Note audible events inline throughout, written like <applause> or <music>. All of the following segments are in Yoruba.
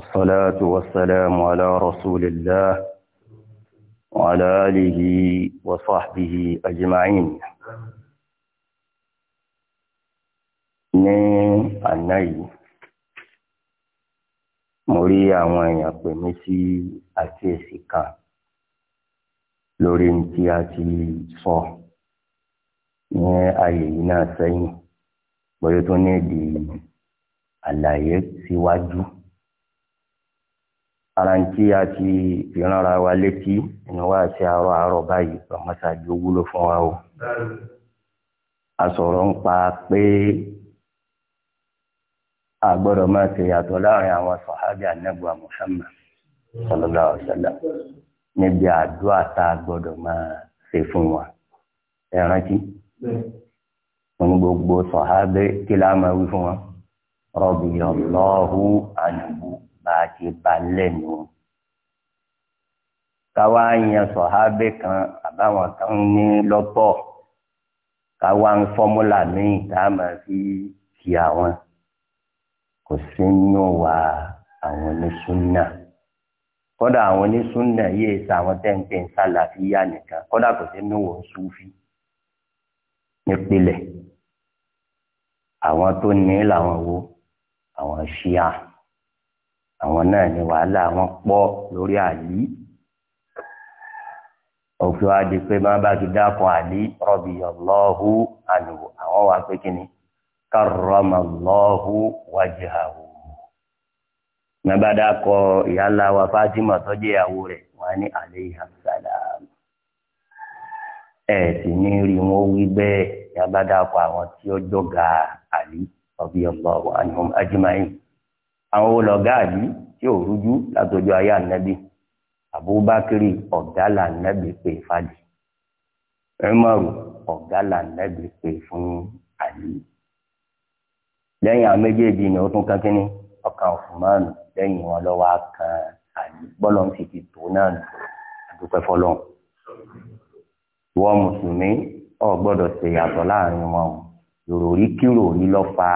والصلاة والسلام على رسول الله وعلى آله وصحبه أجمعين ní àná yìí mo rí àwọn èèyàn pè mí sí àkíyèsí kan lórí ní tí a ti sọ ní ààyè yìí náà sẹ́yìn pẹ̀lú tó ní èdè àlàyé síwájú. Si ara ń tí a ti ìrànra wa létí inú wa sí àárọ̀ àárọ̀ báyìí ọmọṣáájú wúlò fún wa o. a sọ̀rọ̀ ń pa pé a gbọ́dọ̀ máa ṣe yàtọ̀ láàrin àwọn sọ̀hábì ànẹ́gbà Muhammad sallallahu alaihi wasallam níbi àdúrà tá a gbọ́dọ̀ máa ṣe fún wa ẹ rántí fún gbogbo sọ̀hábì kí láà máa wí fún wa radiyallahu anhu bá a ti bá lẹ́nu. káwa yan sọ̀hábẹ́ kan àbáwọn kan ní lọ́pọ̀ káwa ń fọ́múlà míì tá a máa fi kí àwọn kò sí nínú wa àwọn onísúnà kódà àwọn onísúnà yìí ṣe àwọn tẹ́ǹtẹ́ ń sálàfíà nìkan kódà kò sí nínú wọn súfì nípìnlẹ̀ àwọn tó ní làwọn wo àwọn ṣíà àwọn náà ní wàhálà wọn pọ̀ lórí àlí òfin wa di pé má bá ti dákun àlí radiyallahu anhu àwọn wà pé kíni karramallahu wajhahu má bá dákọ ìyáàlá wa Fatima tọjú ìyàwó rẹ̀ wọn ní alayha salam ẹ sì ní rí wọn wí bẹ́ẹ̀ yàbá dákọ àwọn tí ó jọga àlí radiyallahu anhum ajma'in àwọn olọ̀gá yìí tí ò rújú látọjọ́ ayé ànábì abubakari ọ̀gá là ànábì pé fàdí ẹmọrù ọ̀gá là pé fún àlè lẹ́yìn àwọn méjèèjì ni ó tún kan kínní ọkàn ọfùmánù lẹ́yìn wọn lọ́wọ́ kan àlè bọlọ ń fi ti tó náà nù àdúpẹ́ fọ́lọ́run wọn mùsùlùmí ọ gbọ́dọ̀ ṣèyàtọ̀ láàrin wọn o kírò rí lọ fa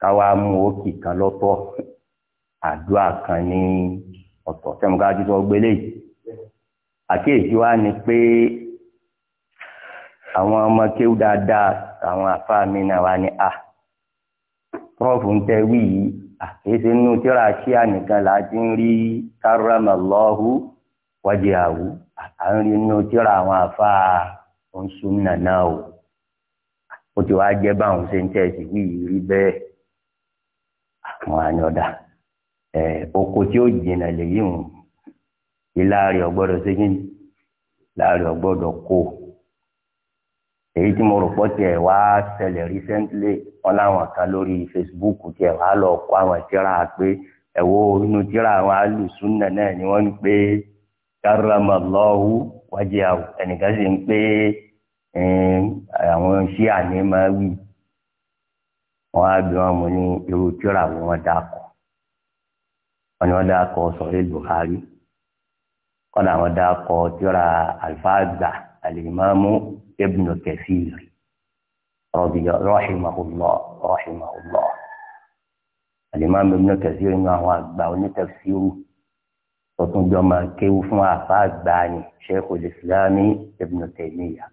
káwa mú òkì kan lọ́tọ̀ àdúrà kan ní ọ̀tọ̀ tẹ́mu ká jù sọ gbélé yìí àkíyèsí wa ni pé àwọn ọmọ kéwú dáadáa àwọn afáàmì náà wá ní a prọfù ń tẹ wí yìí àkíyèsí nínú tíra ṣíà nìkan là á ti ń rí karamallahu wajhahu à ń rí nínú tíra àwọn afáà ń súnmọ́ o ó ti wá jẹ́ báwọn ṣe ń tẹ̀sí wí yìí rí bẹ́ẹ̀. wọn á ní ọ̀dà ẹ̀ oko tí ó jìnnà lèyí hùn ìlàrí ọ̀gbọ́dọ̀ ṣégin láàrin ọgbọdọ kó èyí tí mo rò pọ̀ tiẹ̀ wá ṣẹlẹ̀ recently wọn láwọn kan lórí Facebook tiẹ̀ wá lọ kó àwọn tíra pé ẹ̀wọ́ inú tíra àwọn alùsùnà náà ni wọ́n ń pè karramallahu wájú ẹnìkan sì ń pè àwọn ṣíà ní wí. wọn á bí wọn mú ní irú tíra wo wọn dákọ wọn ni wọn dákọ sọ̀rọ̀ Buhari kódà wọn dákọ tíra alfaza alimami ibn Kathir rọbìyà rahimahullah rahimahullah alimami ibn Kathir ní àwọn àgbà onítẹ̀síwù tuntun jọ máa kéwu fún àfa ni Sheikhul Islami ibn Taymiyyah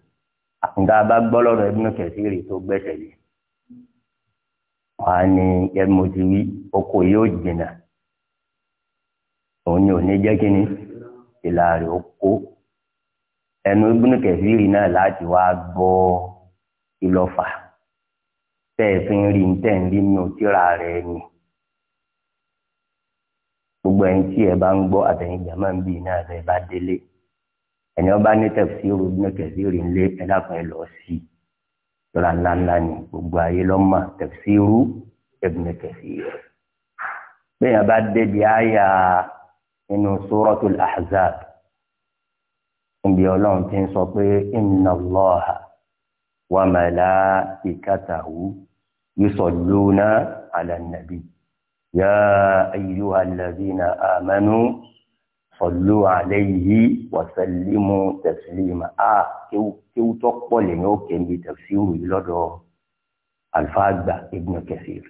àkùndà bá gbọ́ lọ́rọ̀ tó gbẹ́sẹ̀ yìí wàá ní ẹmu ti wí oko yóò jìnà òun ni ò ní jẹ́ kí ni ìlà rẹ̀ ó kó ẹnu Ibn Kathir náà láti wá gbọ́ ìlọ́fà tẹ́ ẹ fi ń rí tẹ́ ń rí nù tíra rẹ̀ ni gbogbo ẹni tí ẹ bá ń gbọ́ àtẹ̀yìn jàmáà ń bì náà ẹ bá délé ẹni ọba ní tafsir Ibn Kathir ńlé ẹ dákun ẹ lọ sí i tọ́lá ńláńlá ni gbogbo ayé lọ́mọ tafsiru Ibn Kathir bẹ́ẹ̀ yẹn bá débi àyà nínú Suratul Ahzab níbi ọlọ́run ti ń sọ pé inna Allaha wa malaikatahu yusalluna ala nabi ya ayyuha alladhina amanu sọlú alẹ́ yìí wàsálímù tẹ̀sílímù a kéwú tó pọ̀ lẹ́yìn òkè níbi tẹ̀síwù yìí lọ́dọ̀ alfaagba Ibn Kathir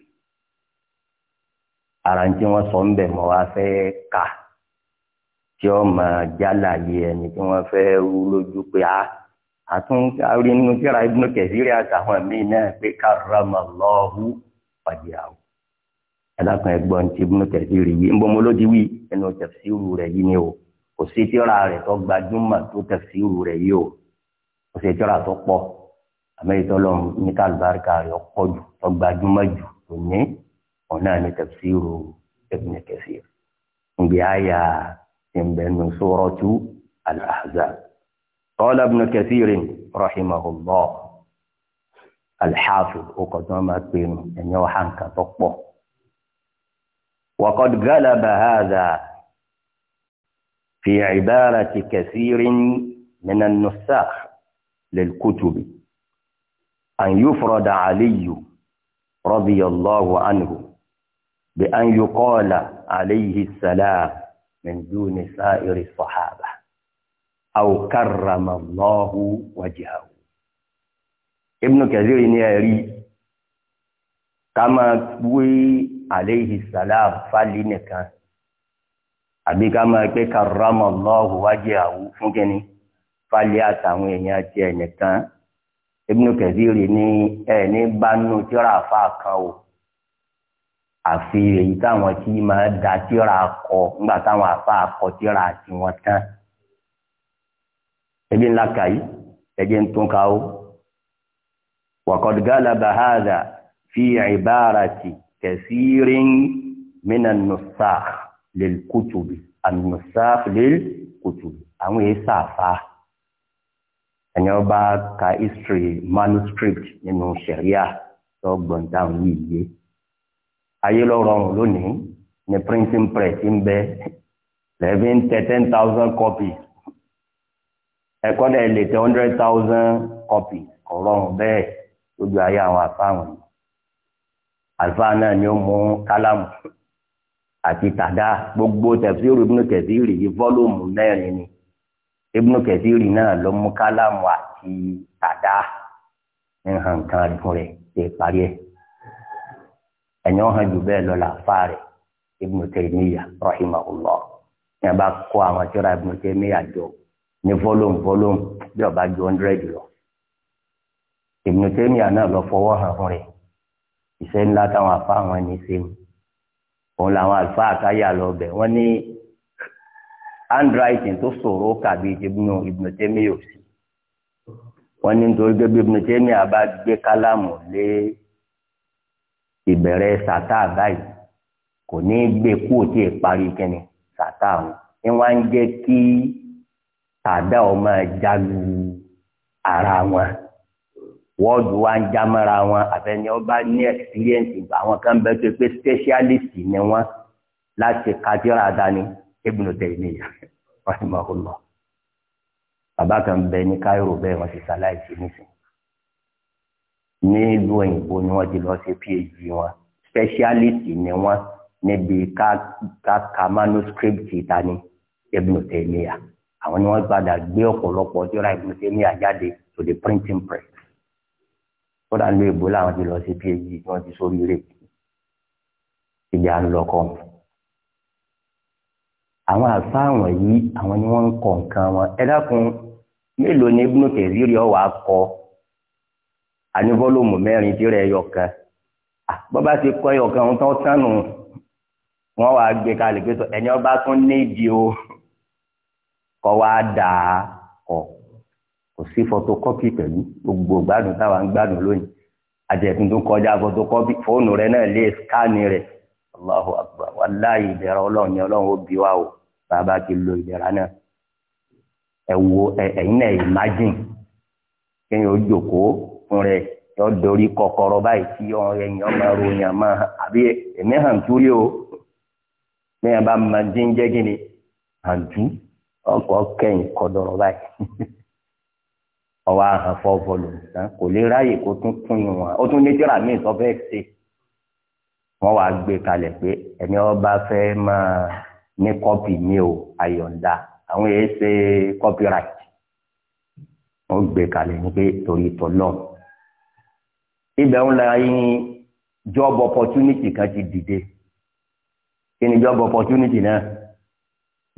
ara ń tí wọ́n sọ ń bẹ̀ mọ́ wá fẹ́ ka tí ó máa jálà yé ẹni tí wọ́n fẹ́ rú lójú pé a àtún rí tíra Ibn Kathir àtàwọn míì náà pé karamallahu wajhahu ẹ̀dàkùn ẹ̀gbọ́n ti Ibn Kathir yìí ń bọ́ mo ló di wí ẹnu tafsiru rẹ̀ yìí ni o kò sí tíra rẹ̀ tó gbajúmọ̀ tó tafsiru rẹ̀ yìí o kò sí tíra tó pọ̀ àmẹ́yìntọ́ lọ́n ní kálíbáríkà rẹ̀ pọ̀ jù tó gbajúmọ̀ jù tó ní ọ̀nà ní tafsiru Ibn Kathir nbí àyà ìbẹ̀nu suratu al-Ahzab qala Ibn Kathir rahimahullah al-Hafiz ó kọ̀ tó máa pinnu ẹ̀yàn ọ̀hánká وقد غلب هذا في عبارة كثير من النساخ للكتب أن يفرد علي رضي الله عنه بأن يقال عليه السلام من دون سائر الصحابة أو كرم الله وجهه ابن كثير يري كما aleyhi salam fali nìkan àbí ká máa pé karramallahu wajhahu fún kínní fali àtàwọn èèyàn tiẹ̀ nìkan Ibnu Kathiri ní ẹ ní bánú tíra afa kan o àfi èyí táwọn tí máa da tíra kọ nígbà táwọn àfa kọ tíra tiwọn tán ebi ńlá kàyí ẹjẹ ń tún ká o waqad galaba hadha fi ibarati. kẹsírin mina nusakh lil kutubi an-nusakh lil kutubi àwọn èyí sàfà ẹni ọba ka history manuscript nínú sẹríà tó gbọǹdàn yìí yé ayé lọ rọrùn lónìí ní printing press ń bẹ lẹ́bí ń tẹ ten thousand copies ẹ̀kọ́ dẹ̀ lè tẹ hundred thousand copies ọ̀rọ̀rùn bẹ́ẹ̀ lójú ayé àwọn àfáwọn yìí àlùfáà náà ni ó mú kálámù àti tàdá gbogbo tẹ̀síìrì ibùnú kẹ̀síìrì yìí fọ́lùmù mẹ́rin ni ibùnú kẹ̀síìrì náà ló mú kálámù àti tàdá nǹkan kan rẹ̀ fún rẹ̀ ṣe parí ẹ̀ ẹ̀yìn ọ̀hán jù bẹ́ẹ̀ lọ làáfáà rẹ̀ ibùnú tẹ̀míyà rahimahullah ní a bá kó àwọn tíra ibùnú tẹ̀míyà jọ ní fọ́lùmù fọ́lùmù bí ọba ju hundred lọ ibùnú tẹ̀míyà náà lọ fọwọ́ hàn fún rẹ̀ iṣẹ́ ńlá táwọn àfa àwọn ẹni ṣe mu òun làwọn àfa àkáyà lọ bẹ̀ wọ́n ní handwriting tó ṣòro kàbí ìdìbò ìbùnú tẹ́mi yóò sí wọ́n ní nítorí pé bí ìbùnú tẹ́mi àbá gbé kálámù lé ìbẹ̀rẹ̀ sàtà báyìí kò ní gbé kúò tí ì parí kẹ́ni sàtà wọn ni wọ́n ń jẹ́ kí tàdá ọmọ jagu ara wọn wọ́ọ̀dù wa ń já mọ́ra wọn àfẹ́ni ọba ní experience àwọn kan bẹ́ẹ̀ tó pé specialist ni wọ́n láti kátírà dání Ibn Taymiyyah rahimahullah bàbá kan bẹ ní Cairo bẹ́ẹ̀ wọ́n ti ṣaláìsí nísìnyí ní ìlú òyìnbó ni wọ́n ti lọ ṣe phd wọn specialist ni wọ́n níbi káka manuscript ìtani Ibn Taymiyyah àwọn ni wọ́n gbàdá gbé ọ̀pọ̀lọpọ̀ ọjọ́ ra Ibn Taymiyyah jáde to the printing press kódà ló èbó làwọn ti lọ sí phd tí wọn ti sórí rè ìyá lọkọ àwọn àfáàwọn yìí àwọn ni wọn ń kọ nǹkan wọn ẹ dákun mélòó ni ibùdó kẹsìrì ọwà kọ àní fọlọmù mẹ́rin tí rẹ yọkan bọba ti kọ yọkan ohun tó sànù wọn wàá gbé kalẹ̀ pé ẹni ọba tún nídìí o kọ wàá dà á kọ kò sí photocopy pẹ̀lú gbogbo gbádùn táwa ń gbádùn lónìí àjẹ̀kùn tó kọjá photocopy fóònù rẹ náà lè skáàni rẹ̀ allahu akbar wàláyé ìdẹ̀ra ọlọ́run ni ọlọ́run ó bí wa o bàbá ti lo ìdẹ̀ra náà ẹ wo ẹ̀yin náà imagine kéèyàn ó jókòó fún rẹ̀ yọ dorí kọ́kọ́rọ́ báyìí tí ọ̀rẹ́ yẹn ọmọ ròyìn àmọ́ àbí ẹ̀mí hàn túrí o mẹ́yàn bá máa dín gíni hàn tú ọkọ̀ kẹ́yìn kọ́ báyìí. <laughs> ọwọ́ ahàn fọ́fọ́ ló ń tán kò lè ráyè kó tún tún ìwọ̀n ó tún ní tíra míì sọ fẹ́ ṣe wọ́n wàá gbé kalẹ̀ pé ẹni ọba fẹ́ máa ní kọ́pì mi ò àyọ̀ǹda àwọn èyí ṣe copyright wọ́n gbé kalẹ̀ ní pé torí tọ́lọ́ ibẹ̀ ń la yín job opportunity kan ti dìde kí ni job opportunity náà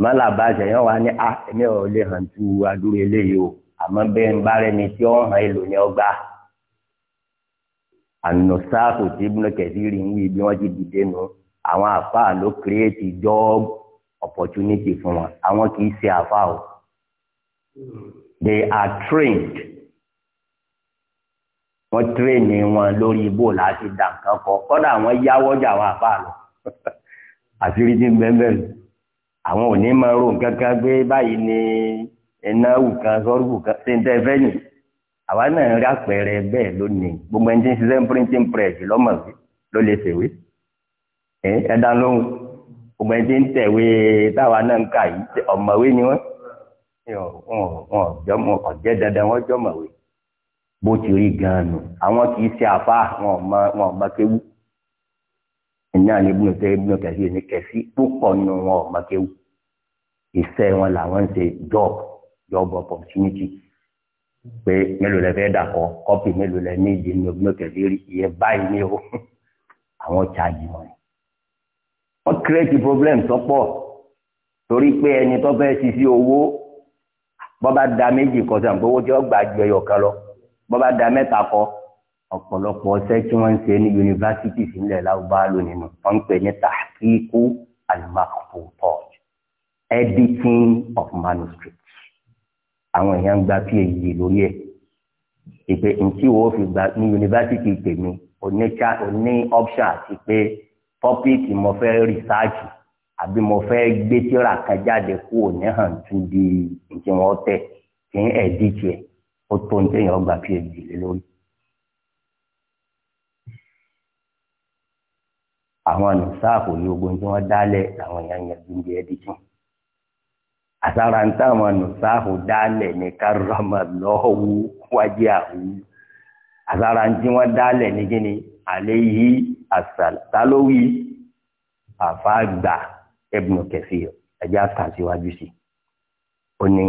mọ́lá bá ṣẹ̀yàn wa ní a ah, èmi ò lè hàn tú adúrú eléyìí o àmọ́ bẹ́ẹ̀ ń bá rẹ ni tí ó hàn èlò ní ọgbà ànùsáàkù tí ibùdó kẹsìrì ń wí bí wọ́n ti dìde nù àwọn àfáà ló kírètì job opportunity fún wọn àwọn kì í ṣe àfáà o they are trained wọ́n tírénì wọn lórí ibò láti dà nǹkan kọ kọ́dà wọ́n yáwọ́ jà àwọn àfáà lọ <laughs> àṣírí ti ń bẹ́ẹ̀ bẹ́ẹ̀ lọ àwọn ò ní máa ro nǹkan kan pé báyìí ni ẹnáwù kan sọ́rùkù kan ṣe ń tẹ́ fẹ́ nì àwa náà rí àpẹẹrẹ bẹ́ẹ̀ lónìí gbogbo ẹni tí ń ṣiṣẹ́ printing press lọ́mọ̀ sí ló lè ṣèwé ẹ̀dá lóhùn gbogbo ẹni tí ń tẹ̀wé táwa náà ń kà yìí ọ̀mọ̀wé ni wọ́n ọ̀jẹ́ dandan wọ́n jọ̀mọ̀wé bó ti rí gan-an nù àwọn kì í ṣe àfa wọn ò mọ kéwú ìní àná ibùdó tẹ ibùdó kẹsí ní kẹsí púpọ̀ nù wọn ò mọ kéwú iṣẹ́ wọn làwọn ń ṣe jọ́ọ̀bù job opportunity pé mélòó lẹ fẹ́ dàkọ kọ́pì mélòó lẹ ní ìdí ní ọgbọ́n kẹfì rí iye báyìí ní o <laughs> àwọn chaajì wọn ni wọ́n create problem tọ́pọ̀ torí pé ẹni tó fẹ́ sisi owó bọ́ba da méjì kọ sàn gbowó tí wọ́n gbà ju ẹyọ kan lọ bọ́ba da mẹ́ta kọ ọ̀pọ̀lọpọ̀ ọṣẹ́ tí wọ́n ń ṣe ní yunifásitì sílẹ̀ láwùbá lónìí nù wọ́n ń pè ní tahqiqu al-maqbutat editing of manuscript àwọn èèyàn ń gba phd lórí ẹ̀ ìpè ntí wo fi gba ní yunifásitì tèmi oní option àti pé tọ́píìkì mo fẹ́ rìsáàjì àbí mo fẹ́ gbé tíra kan jáde kúrò ní hàn tún di ntí wọ́n tẹ̀ kí ẹ̀ díjì ẹ̀ ó tó ní téèyàn gba phd lórí. àwọn àlùfáà kò yí ogun tí wọ́n dálẹ̀ làwọn èèyàn yẹn gbìyànjú ẹ̀ díjì àtàrà ń táwọn nùsáàfù dálẹ̀ ní kárọ̀mà lọ́wọ́ wájú àwọn àtàrà ń tí wọ́n dálẹ̀ ní kíni àlẹ́ yìí àtàlówì àfáàgbà Ibn Kathir ẹ̀já kan síwájú sí ó ní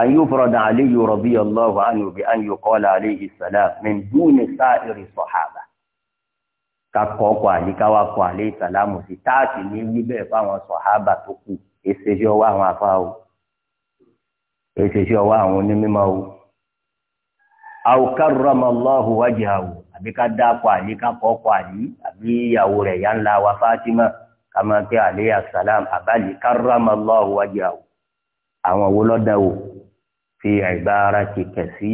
an yufrada Aliyu radiyallahu anhu bi an yuqala alayhi salam min duni sa'iri sahaba kakọ́ ọkọ̀ àdíkáwá kọ́ alayhi salamu sí táàtì ní wíbẹ̀ fáwọn sọ̀hábà tó kù èsèṣe ọwọ́ àwọn afa o èsèṣe ọwọ́ àwọn onímọ̀ o àwòkárọ̀mọ̀ lọ́hùn wájú àwò àbí ká dápọ̀ àlè ká kọ́kọ́ àlè àbí ìyàwó rẹ̀ yá ńlá wa Fátímà ká máa pé àlẹ́ àsálàm àbálẹ̀ àwọn owó lọ́dà o fi ìbára ti kẹ̀sí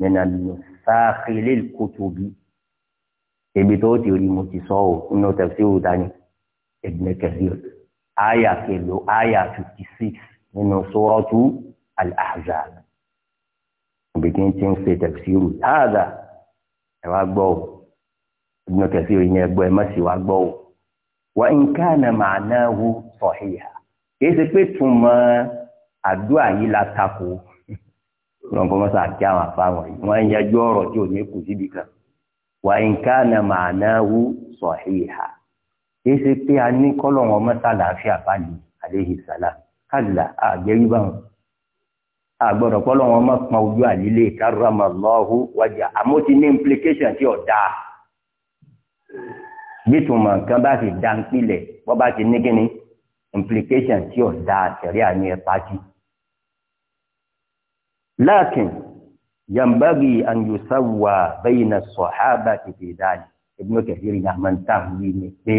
nínú sáàkìlì kùtùbí ebi tó ti rí mo ti sọ ọ́ nínú tẹ̀síwò dání Ibn Kathir aya kelo aya fifty six nínú sórọ́tù al-ahzab òbíkí ti ń ṣe tafsiru táàdà ẹ wá gbọ́ o ibùdó kẹsí òyìn ẹgbọ́ ẹ má sì wá gbọ́ o wa in kana ma'nahu sahiha kìí ṣe pé túmọ̀ àdúrà yìí la takò lọ́nkọ́ mọ́sá àti àwọn àfáwọn yìí wọ́n ń yẹjọ́ ọ̀rọ̀ tí ò ní kù síbi kan wa in kana ma'nahu sahiha kì í ṣe pé a ní kọ́lọ̀wọ̀n ọmọ sàlàáfíà fàlì àléhi sàlà kàlà àgbẹ̀rí báwọn àgbọ̀dọ̀ kọ́lọ̀wọ̀n ọmọ pọn ojú àlílé kárọ̀mà lọ́hù wájà àmọ́ ti ní implication tí ọ̀dà gbẹ̀tùmọ̀ nǹkan bá ti dá ń pilẹ̀ wọ́n bá ti ní kíni implication tí ọ̀dà tẹ̀rí àní ẹ̀ pàtì. láàkìn yambagi an yusawa bayna sọ̀hábà tètè dáàlì ibùdókè yìí ni àmọ́ ń tàn wí ni pé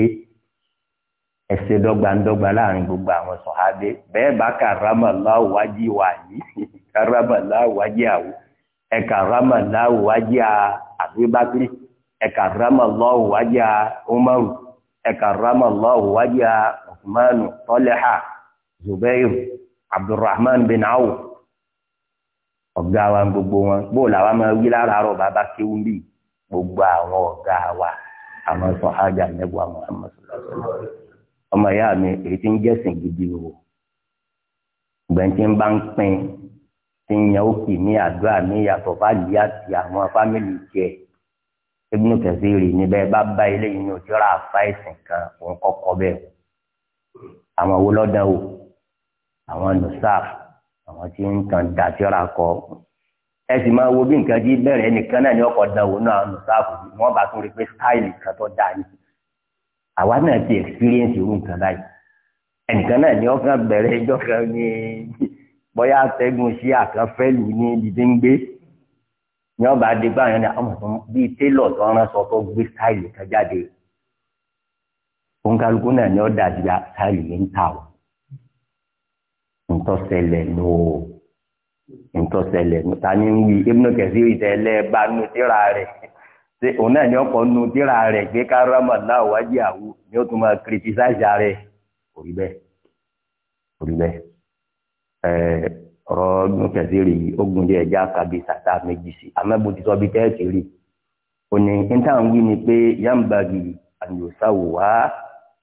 ẹ ṣe dọ́gbandọ́gba láàrin gbogbo àwọn sọ̀hábẹ́ bẹ́ẹ̀ bá kàrámà láwùwájì wà yìí <laughs> kàrámà láwùwájì àwò ẹ kàrámà láwùwájì àbíbákírì ẹ kàrámà láwùwájì umaru ẹ kàrámà láwùwájì usmanu tọ́lẹ́hà zubair abdulrahman bin awo ọ̀gá wa gbogbo wọn bó làwa máa wí láràárọ̀ bàbá kéwú bí gbogbo àwọn ọ̀gá wa àwọn sọ̀hájà nẹ́gbàá muhammadu ọmọ ìyá mi èyí tí ń jẹ́sìn gidi o gbẹ̀ntì ń bá ń pin tí ń yan òkè ní àdúrà ní ìyàtọ̀ fáàlì àti àwọn fámìlì tiẹ̀ Ibnu Kathiri níbẹ̀ bá bá eléyìí ní òjọ́ra àfa ẹ̀sìn kan òun kọ́kọ́ bẹ́ẹ̀ àwọn owó lọ́dọ̀ o àwọn nùsàf àwọn tí ń kan dà síra kọ ẹ sì máa wo bí nǹkan ti bẹ̀rẹ̀ ẹnìkan náà ní ọkọ̀ dánwò náà nùsàf wọn bá tún rí pé stáìlì kan tó dáa yìí àwa náà ti experience irú nǹkan báyìí ẹnìkan náà ni ọkàn bẹ̀rẹ̀ ẹjọ́ kan ní bóyá atẹ́gùn sí àkànfẹ́lù ní dídí ń gbé ní ọba adigun àwọn ẹni bíi télọ̀ tó ń ránṣọ tó gbé táìlì kan jáde òǹkàlùkù náà ni ó dàbí táìlì yìí ń tà ó ntọ́sẹ̀lẹ̀ nù ó ntọ́sẹ̀lẹ̀ nù ta ni ń wí ebínú kẹfì ìtẹ́lẹ̀ bá nu síra rẹ̀ ṣe òun náà ní ọkọ̀ nu díra rẹ̀ gbé káràmà náà wájú àwù ni ó tún máa kìrìtìsáìsì rẹ̀ kò rí bẹ́ẹ̀ kò rí bẹ́ẹ̀ ẹ ọ̀rọ̀ ọdún kẹsìrì yìí ó gùn díẹ̀ já méjì sí amẹ́bù ti sọ bí tẹ́ẹ̀tì rí òní níta ń wí ni pé yambagi àyòsáwò wá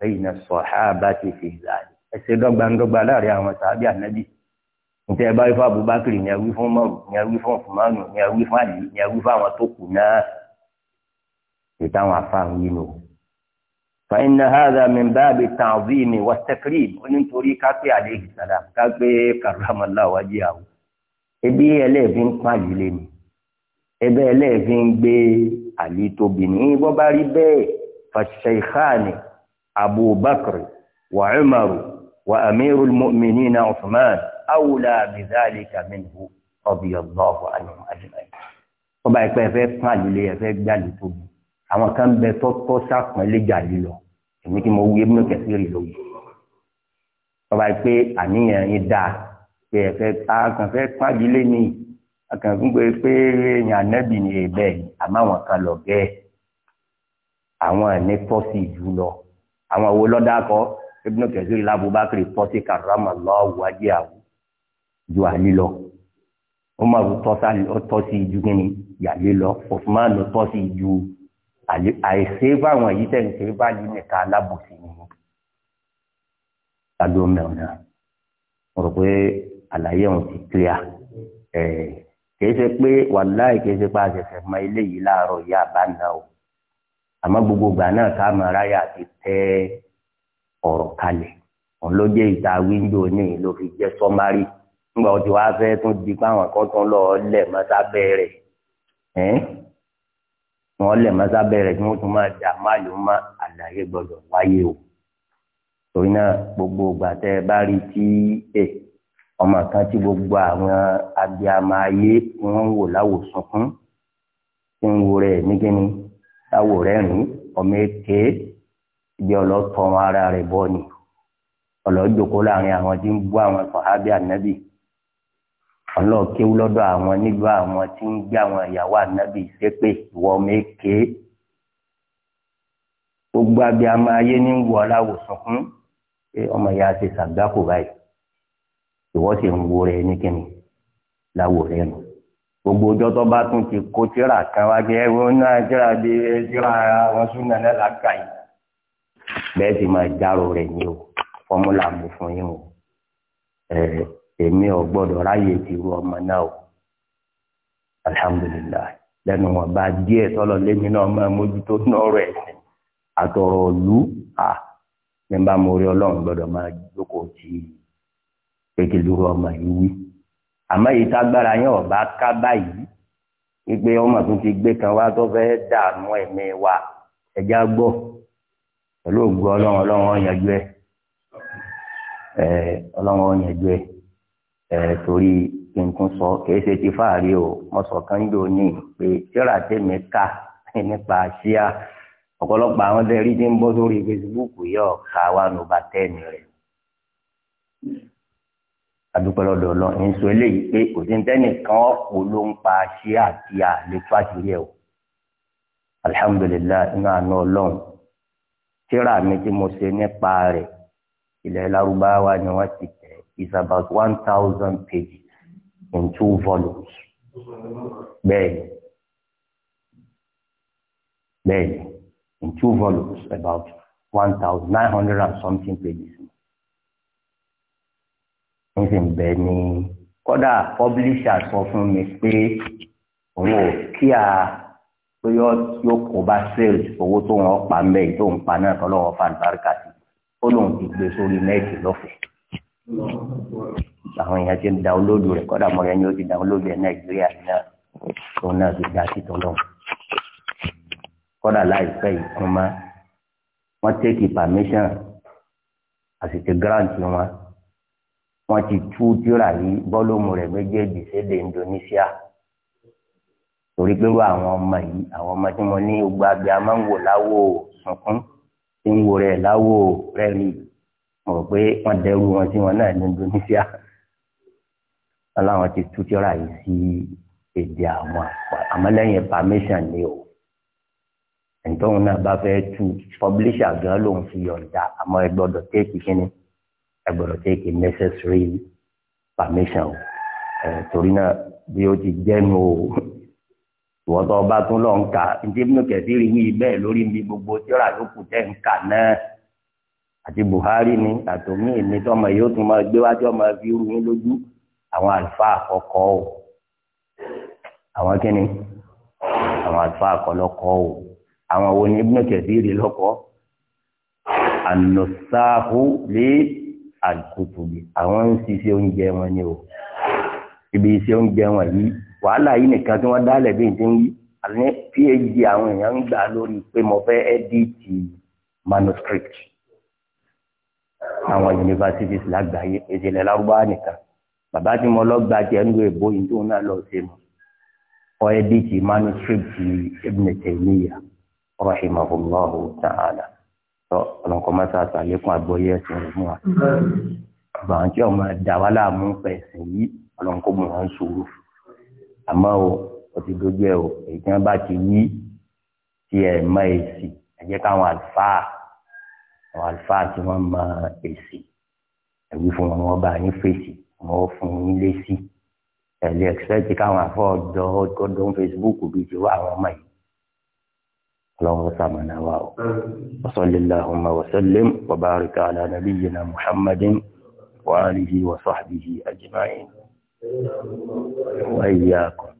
lẹ́yìn náà sọ̀hábà ti fi ìlànà ẹsẹ̀ dọ́gbandọ́gba láàrin àwọn sàábì ànábì ntẹ ẹ bá wí fún Abubakar ni ẹ wí fún mọrù ni ẹ wí fún ọfùmánù ni ẹ wí fún àlì ni ẹ wí fún àwọn tó kù náà ìtàwọn afáàn yìí nù. فإن هذا من باب التعظيم والتكريم وننتوري كافي عليه السلام كافي كرم الله وجهه ebi ẹlẹ́ẹ̀fi ń pa yìí lé ni ẹbẹ ẹlẹ́ẹ̀fi ń gbé àlè tóbi ní bó bá rí bẹ́ẹ̀ fàṣẹ̀ìkánì abubakar wa umaru wa amirul mu'minina usman awula bizalika minhu radiyallahu anhum ajma'in bó bá yẹ pé ẹ fẹ́ pa yìí lé ẹ àlè tóbi àwọn kan bẹ tọ́tọ́ sàpọ̀nlé jàdí lọ èmi kí mo wú ebí náà kẹsí rí lóye wọ́n bá pé àníyàn yín dáa pé ẹ̀fẹ́ akànfẹ́ pàdílé ni akànfún pé pé èèyàn anẹ́bì ni èèbẹ̀ yìí àmọ́ àwọn kan lọ bẹ́ẹ̀ àwọn ẹ̀ní tọ́sí ìlú lọ àwọn owó lọ́dá kọ́ ebí náà kẹsí rí lábúbákiri tọ́sí karama lọ́wọ́ ajé àwọ̀ ju àlè lọ wọ́n máa tọ́sí ìjú kínní yàlé lọ Osman tọ́sí ìjú àìsè báwọn èyí tẹ̀ ń ṣe báyìí nìka alábòsí ni wọn lábẹ́ omi ọ̀nà mo rò pé àlàyé òun ti clear ẹ̀ kìí ṣe pé wàláì kìí ṣe pé a ṣẹ̀ṣẹ̀ mọ eléyìí láàárọ̀ ìyá àbá náà o àmọ́ gbogbo ìgbà náà ká mọ aráyà ti tẹ́ ọ̀rọ̀ kalẹ̀ òun ló jẹ́ ìta wíńdò ní ló fi jẹ́ sọ́márì nígbà tí wàá fẹ́ tún di pé àwọn kan tún lọ lẹ̀ mọ́ sábẹ́ rẹ̀ ẹ́ wọn lè mọ́sá bẹ̀rẹ̀ tí wọ́n tún máa dà máa lò má àlàyé gbọ́dọ̀ wáyé o torí náà gbogbo ìgbà tẹ́ ẹ bá rí tí ẹ ọmọ kan tí gbogbo àwọn abiyamọ ayé wọn ń wò láwò sunkún tí ń wo rẹ nígbẹ́ni láwò rẹ́rìn ọmọ èké ibi ọlọ́tọ̀ ara rẹ̀ bọ́ ni ọlọ́jọ́kọ́ láàrin àwọn tí ń bú àwọn sọ̀hábí ànábì ọlọ́ọ̀kéwú lọ́dọ̀ àwọn nílùú àwọn tí ń gbé àwọn ìyàwó ànábì ṣépè ìwọ méke gbogbo abiyamọ ayé ní wọ aláwòsàn fún pé ọmọ ìyá ti sàgbákò báyìí ìwọ sì ń wo rẹ ní kíni láwò rẹ nù gbogbo ọjọ́ tó bá tún ti kó tíra kan wá jẹ ẹwọ náà tíra bí tíra wọn sún nàlẹ làákà yìí bẹ́ẹ̀ sì máa járò rẹ ní o fọmúlà mo fún yín o èmi ò gbọ́dọ̀ ráyè ti ru ọmọ náà o alhamdulilayi lẹ́nu wọn bá díẹ̀ tọ́lọ̀ lémi náà máa mójútó nọ́ọ̀rọ̀ ẹ̀sìn àtọ̀rọ̀ òlu à ní bá mo rí ọlọ́run gbọ́dọ̀ máa jókòó ti pété lóru ọmọ yìí wí àmọ́ yìí tágbára yẹn ọba ká báyìí wípé ọmọ tó ti gbé kan wá tó fẹ́ dààmú ẹ̀mí wa ẹja gbọ́ pẹ̀lú ògùn ọlọ́run ọlọ́run ọ̀yànjú ẹ̀ ọlọ́run ọ̀yànjú ẹ̀ ẹ torí kí n tún sọ kìí ṣe ti fáàrí o mo sọ kan jò ní pé tíra tèmi ká <laughs> nípa ṣíà ọ̀pọ̀lọpọ̀ àwọn tẹ ti ń bọ́ sórí Facebook yóò ká wà nùbà tẹ́ẹ̀mì rẹ̀ adúpẹ́lọ́dọ̀ lọ ń sọ eléyìí pé kò sí tẹ́nìkan ọ̀pọ̀ ló ń pa ṣíà tí a lè tó àṣírí ẹ̀ o alihamudulilayi inú àná ọlọ́run tíra mi tí mo ṣe nípa rẹ̀ ilẹ̀ Lárúbáwá ni wọ́n ti is about 1,000 pages in two volumes. Barely, barely In two volumes about 1,900 and something pages. N sì ń bẹ ní kódà publisher sọ fún mi pé òun ò kí a pé yóò kó bá sales owó tó wọn pa ń bẹ tó ń pa náà tọ́lọ́wọ́ fa àlùbáríkà sí. Ó lóun ti gbé sórí nẹ́ẹ̀tì lọ́fẹ̀ẹ́ àwọn èèyàn ti ń dáwọ́lódù rẹ̀ kọ́dà mọ́ra ẹni ó ti dáwọ́lódù ẹ̀ nàìjíríà náà tó náà ti dá sí tọ́lọ̀ kọ́dà láìpẹ́ yìí mọ́ wọ́n tẹ́kì permission àsìkò grant wọn wọ́n ti tú tíra yìí bọ́lọ́mù rẹ̀ méjèèjì sédè Indonesia torí pé wọ́n àwọn ọmọ yìí àwọn ọmọ tí wọ́n ní gbogbo abẹ́ a máa láwò sunkún tí ń wò rẹ̀ láwò rẹ̀ mo rò pé wọ́n dẹrú wọn sí wọn náà ní Indonesia aláwọn ti tú tíọ́rà yìí sí èdè àwọn àpá àmọ́ lẹ́yìn permission ni o ẹ̀ńtọ́hún náà bá fẹ́ tu publisher gan lòun fi yọ̀ǹda àmọ́ ẹ gbọ́dọ̀ téèkì kínní ẹ gbọ́dọ̀ téèkì necessary permission o ẹ̀ torí náà bí ó ti jẹ́nu o ìwọ́n tó bá tún lọ ń kà ní tí Ibn Kathir rí wí bẹ́ẹ̀ lórí mi gbogbo tíọ́rà yòókù tẹ́ ń kà náà àti Buhari ni àtòmí èmi tọmọ yóò tún máa gbé wájú ọmọ fi rú yín lójú àwọn àlùfáà àkọ́kọ́ o àwọn kíni àwọn àlùfáà àkọlọkọ o àwọn wo ni Ibn Kathiri lọkọ ànọsáàfù lé àkùtùbì àwọn ń ṣiṣẹ́ oúnjẹ wọn ni o ibi iṣẹ́ oúnjẹ wọn yìí wàhálà yìí nìkan tí wọ́n dálẹ̀ bí n ti ń yí àní phd àwọn èèyàn ń gbà lórí pé mo fẹ́ ẹ́díìtì manuscript àwọn universities lágbàáyé ìṣẹ̀lẹ̀ lárúbáwá nìkan bàbá tí mo lọ gba jẹ́ nílùú èbó yìí tóun náà lọ ṣe mọ́ ọ ẹ́díìtì manuscript Ibn Taymiyyah rahimahullahu ta'ala tọ́ ọlọ́nkọ́mọ́sá àtàlékún àgbọ́yé ẹ̀sìn rẹ̀ fún wa àwọn tí ọmọ dàwa láàmú pẹ̀sìn yìí ọlọ́nkọ́ mọ̀ wọ́n sòrò àmọ́ o ó ti dojú ẹ o èyí tí wọ́n bá ti yí tí ẹ̀ mọ èsì ẹ̀jẹ̀ káwọn àlùfáà àwọn àlùfáà tí wọ́n mọ èsì ẹ̀wí fún wọn wọ́n bá yín fèsì wọ́n fún yín lésì ẹ̀lì ẹ̀kspẹ́tì káwọn afọ́ọ̀dọ́ ọdún Facebook bíi ti wá àwọn ọmọ yìí ọlọ́run sàmánà wa o wasallilahu ma wasallim wa barika ala muhammadin wa alihi wa sahbihi ajma'in wa iyyakum.